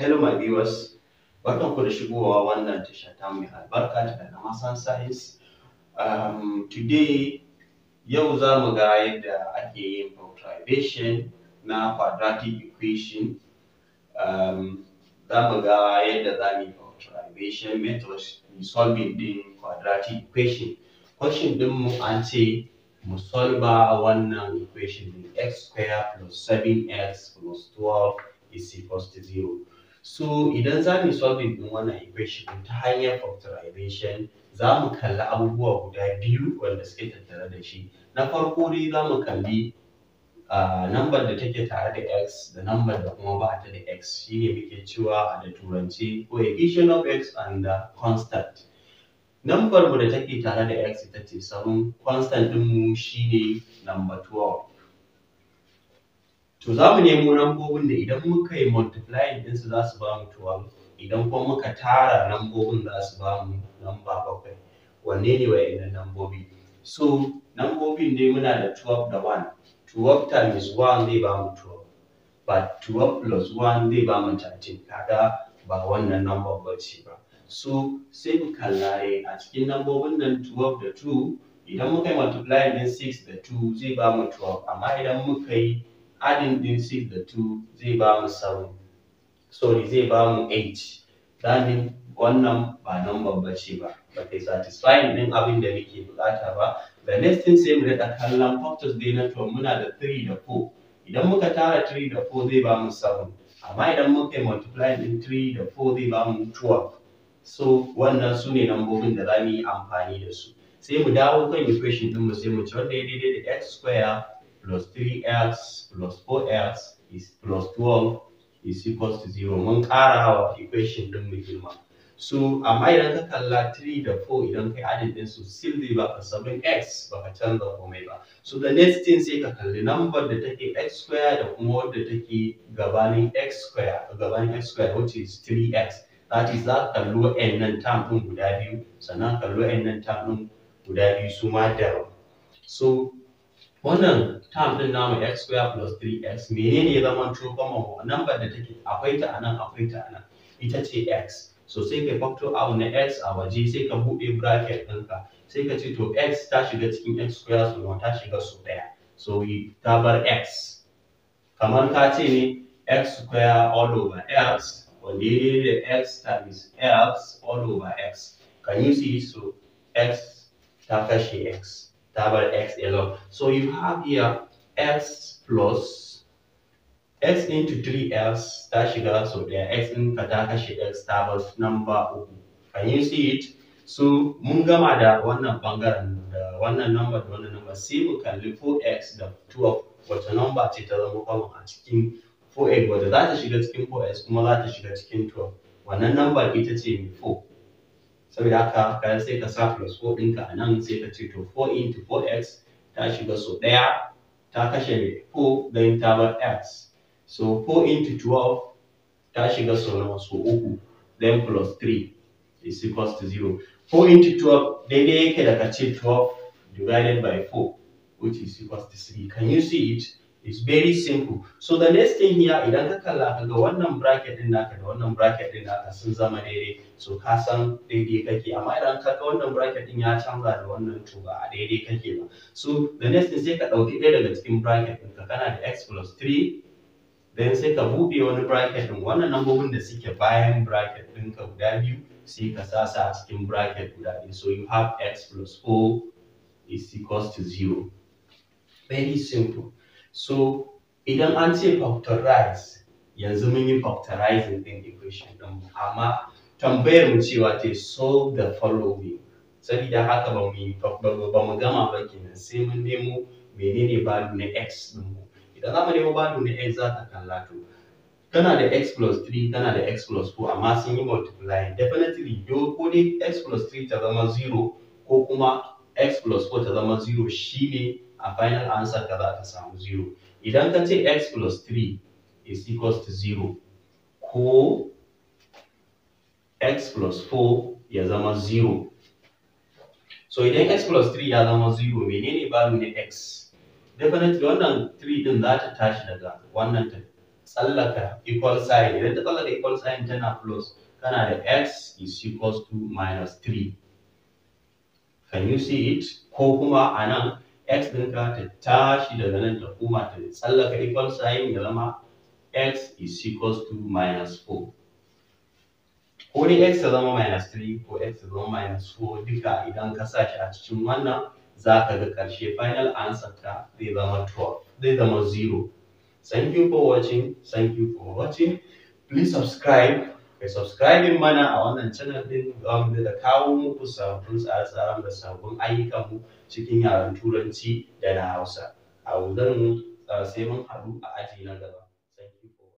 Hello my viewers, welcome da shigowa wannan tasha ta mai albarka ta daga Masan Science. Um, today, yau za mu ga yadda ake yin factorization na quadratic equation. Um, za mu ga yadda za mu yi factorization in solving din quadratic equation. Question din mu an ce mu solve wannan equation din x square plus 7x plus 12 is equal to 0. so idan za mu solving din wannan equation ta hanyar factorization za mu kalli abubuwa guda biyu wanda suke tattare da shi na farko dai za mu kalli number da take tare da x da number da kuma ba ta da x shine muke cewa a da turanci coefficient of x and the constant number mu da take tare da x ita ce saman constant din mu shine number 12 to za mu nemo lambobin da idan muka yi multiplying ɗinsu za su ba mu 12 idan kuma muka tara lambobin za su ba mu lamba bakwai wanne ne wa'annan lambobi so lambobin dai muna da 12 da 1 12 times 1 zai ba mu 12 but 12 plus 1 zai ba mu 13 kaga ba wannan number ba ce ba so sai mu kalla eh, a cikin lambobin nan 12 da 2 idan muka yi multiplying ɗin 6 da 2 zai ba mu 12 amma idan muka yi adding din 6 da 2 zai ba mu 7 sorry zai ba mu 8 dalin wannan ba number ba ce ba ba kai satisfying din abin da nake bukata ba the next thing sai mu daɗa kallon factors dai na to muna da 3 da 4 idan muka tara 3 da 4 zai ba mu 7 amma idan muka yi multiply din 3 da 4 zai ba mu 12 so wannan su ne lambobin da za mu yi amfani da su sai mu dawo kan equation din mu sai mu ci wanda ya daidai da x square plus 3x plus 4x is plus 12 is equals to 0 mun ƙara hawa equation din mu girma so amma idan ka kalla 3 da 4 idan kai adin din su still zai baka sabbin x baka canza komai ba so the next thing sai ka kalli number da take x square da kuma wadda take gabanin x square gabanin x square which is 3x that is za ka kalli nan term din guda biyu sannan kalli nan term din guda biyu su ma da. so wannan term ɗin namu x square plus 3x menene ya zama true common number da take akwai ta anan akwai ta anan ita ce x so sai ka factor out na x a waje sai ka buɗe bracket ɗinka sai ka ce to x ta shiga cikin x square so ta shiga so ɗaya so ta bar x kamar ka ce ne x square all over x wanda ya da x times x all over x can you see so x ta kashe x double x alone. So you have here x plus x into 3x ta shiga so ɗaya x in ka ta kashe x double number uku. Can you see it? So mun gama da wannan bangaren da wannan uh, number da wannan number sai mu kalli 4x da 12 a number ce ta zama common a cikin 4x wadda za ta shiga cikin 4 s kuma za ta shiga cikin 12 wannan number ita ce mai 4 saboda haka ka sai ka sa plus 4 ɗinka a nan sai ka ce to 4 into 4x ta shiga so ɗaya ta kashe 4 don ta bar x so 4 into 12 ta shiga so nawa so uku then plus 3 is equals to 0 4 into 12 daidai yake da ka ce 12 divided by 4 which is equals to 3 can you see it It's very simple. So the next thing here idan ka kalla ka ga wannan bracket din naka da wannan bracket din naka sun zama daidai. So ka san daidai kake amma idan ka ga wannan bracket din ya canza da wannan to ba a daidai kake ba. So the next thing sai ka ɗauki ɗaya daga cikin bracket ka kana da x plus 3 then sai ka buɗe wani bracket ɗin wannan lambobin da suke bayan bracket ɗinka guda biyu sai ka sa a cikin bracket guda biyu. So you have x plus 4 is equals to 0. Very simple. so idan an ce factorize yanzu mun yi factorizing din equation din amma tambayar mu cewa ta solve the following saboda haka ba mu yi ba mu gama ba kenan sai mun nemo menene value na x din mu idan za mu nemo value na x za ka kalla to tana da x plus 3 tana da x plus 4 amma sun yi multiply definitely yo ko ne x plus 3 ta zama 0 ko kuma x plus 4 ta zama 0 shine a final answer ka za samu 0 idan ka ce x plus 3 is equals to zero. ko x plus 4 ya zama zero. so idan x plus 3 ya zama 0 menene value na x definitely wannan 3 din za ta tashi daga wannan ta tsallaka equal sign idan ta tsallaka equal sign tana plus kana da x is equals to minus 3 can you see it ko kuma a nan x ɗinka ta tashi daga nan ta koma ta tsallaka equal sign ya zama x is equals to minus 4 ko ni x ya zama minus 3 ko x ya zama minus 4 duka idan ka sa shi a cikin wannan za ka ga ƙarshe final answer ta zai zama 12 zai zama 0 thank you for watching thank you for watching please subscribe kai subscribing mana a wannan channel din um, da kawo muku sabbin tsare-tsaren da sabbin ayyukanmu cikin yaren turanci da na hausa a wurin uh, sai mun haɗu a aji na gaba